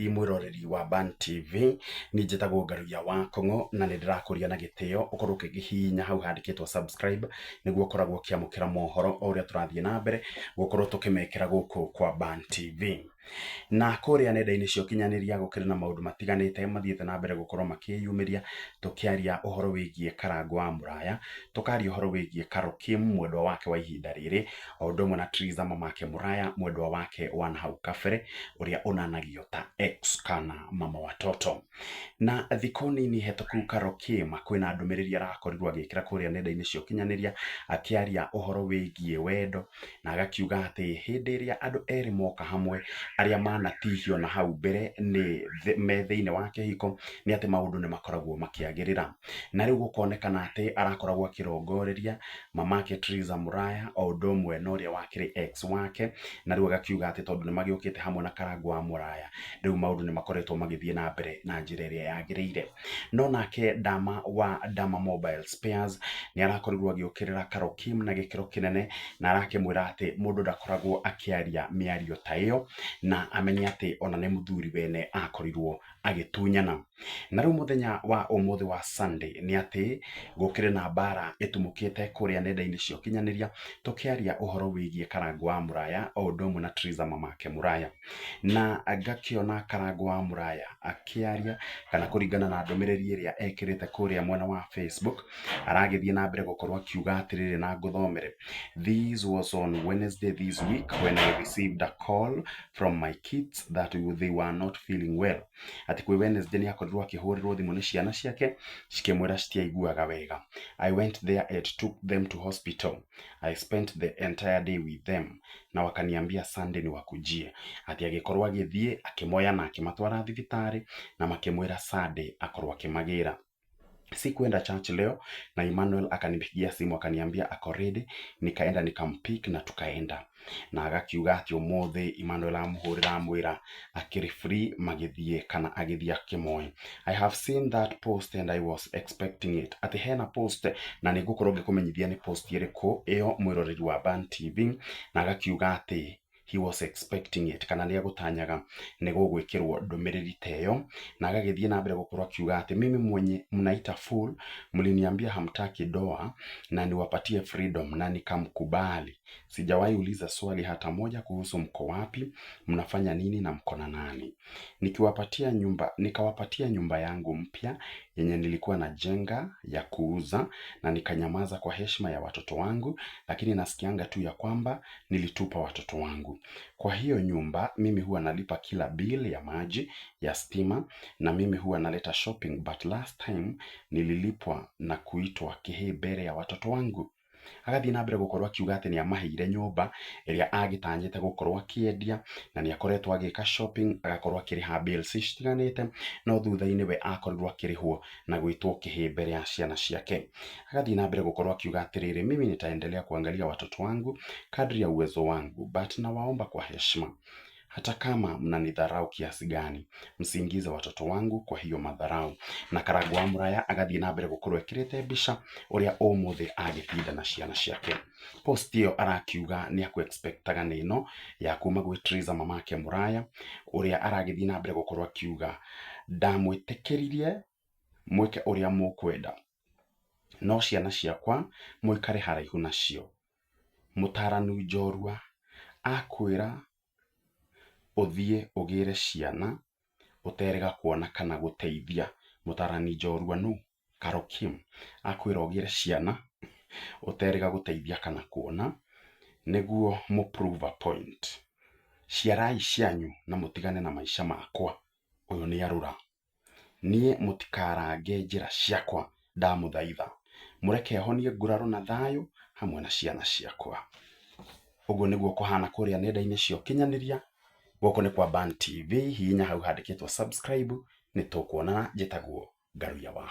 i roreri wa Ban TV ni tagwo ngaruia wa kongo na ni ria na kä gä hinya hau handikitwo subscribe niguo ukoragwo ukiamukira mohoro o uria turathie na mbere gukorwo gå kå kwa Ban TV na kuria nenda ini cio kinyaniria gukira na maundu matiganite mathiete na mbere gukorwo makiyumiria tukiaria uhoro wigie karangu wa muraya tukaria uhoro wigie karo kim mwendwa wake wa ihinda riri o ndu mwe na triza mama wake muraya mwendwa wake wan hau kafere uria unanagio ta ex kana mama watoto na thiko nini hetoku karo kim akwi na ndumiriria arakorirwo agikira kuria nenda ini cio kinyaniria akiaria uhoro wigie wendo na agakiuga ati hindi iria andu eri moka hamwe arĩa manatihio na hau mbere me thĩinĩ wa kĩhiko nĩ atĩ maũndũ nĩ makoragwo makĩagĩrĩra na rĩu gũkonekana atĩ arakoragwo akĩrongoreria mamake Triza Mũraya o ũndũ ũmwe na ũrĩa wakĩrĩ ex wake na rĩu agakiuga atĩ tondũ nĩ magĩũkĩte hamwe na Karangũ wa Mũraya rĩu maũndũ nĩ makoretwo magĩthiĩ na mbere na njĩra ĩrĩa yagĩrĩire no nake Dama wa Dama Mobile Spares nĩ arakorirwo agĩũkĩrĩra Carol Kim na gĩkĩro kĩnene na arakĩmwĩra atĩ mũndũ ndakoragwo akĩaria mĩario ta ĩyo na amenye atĩ ona nĩ mũthuri wene akorirwo agitunyana na riu muthenya wa umuthi wa Sunday ni ati gukire na bara itumukite kuria nenda-ini cia ukinyaniria tukiaria uhoro wigie Karangũ wa Muraya o undu umwe na Theresa Mamake Muraya na ngakiona Karangũ wa Muraya akiaria kana kuringana na ndumiriri iria ekirite kuria mwena wa Facebook aragithie na mbere gukorwo akiuga atiriri na nguthomere this was on Wednesday this week when I received a call from my kids that they were not feeling well ati kwĩ Wednesday nĩakorirwo akĩhũrĩrwo thimũ nĩ ciana ciake cikĩmwĩra citiaiguaga wega I went there and took them to hospital I spent the entire day with them na wakaniambia Sunday ni wakujie ati agĩkorwo agĩthiĩ akimoya na akimatwara thibitari na makĩmwĩra Sunday akorwo akĩmagĩra Sikuenda church leo na Emmanuel akanipigia simu akaniambia ako ready, nikaenda nikampick na tukaenda na agakiuga ati umuthi Emmanuel amuhurira amwira akiri free magithie kana agithia akimoe. I have seen that post and I was expecting it. Ati hena post na nigukoroge kumenyithia ni post iriku iyo mwiroreri wa Ban TV na agakiuga ati he was expecting it kana nä egåtanyaga nä gugwikirwo kirwo ta yo na agagä na mbere gå akiuga mimi mwenye mnaita fool mliniambia hamtaki doa na niwapatie freedom na nikamkubali sijawahi uliza swali hata moja kuhusu mko wapi mnafanya nini na mko na nani nikiwapatia nyumba nikawapatia nyumba yangu mpya yenye nilikuwa na jenga ya kuuza na nikanyamaza kwa heshima ya watoto wangu, lakini nasikianga tu ya kwamba nilitupa watoto wangu. Kwa hiyo nyumba, mimi huwa nalipa kila bill ya maji, ya stima, na mimi huwa naleta shopping. But last time, nililipwa na kuitwa kihebere ya watoto wangu agathiĩ na mbere gũkorwo akiuga atĩ nĩ amaheire nyũmba ĩrĩa agĩtanyĩte gũkorwo akĩendia na nĩ akoretwo agĩka shopping agakorwo akĩrĩha bills citiganĩte no thutha-inĩ we akorirwo akĩrĩhwo na gwĩtwo kĩhĩ mbere ya ciana ciake. Agathiĩ na mbere gũkorwo akiuga atĩrĩrĩ mimi nitaendelea kuangalia watoto wangu kadri ya uwezo wangu but nawaomba kwa heshima hata kama mnanidharau kiasi gani msiingize watoto wangu kwa hiyo madharau. na karagwa muraya agathii na mbere gukorwo ekirite mbica uria umuthi agitinda na ciana ciake post iyo arakiuga ni akuexpectaga ni ino ya kuma gwi Teresa mamake muraya uria aragithi na mbere gukorwo akiuga ndamwitikiririe mwike uria mukwenda no ciana ciakwa mwikare haraihu nacio mutaranu njorua akwira odwie ogere ciana oterega kuona kana goteithia mutarani joruanu karokim akuirogere ciana oterega goteithia kana kuona neguo mo prova point ciarai cianyu na mutigane na maisha maakoa oyoni arura nie mutikarange njira ciakwa damudhaiva murekeho nie ngurarona thayo hamwe na ciana ciakwa ogu niguo kuhana kuria neda ini cio kyananiria goko nä kwa Ban TV hihinya hau handä kä two subscribe nä tå kuonana njä tagwo ngaruia wa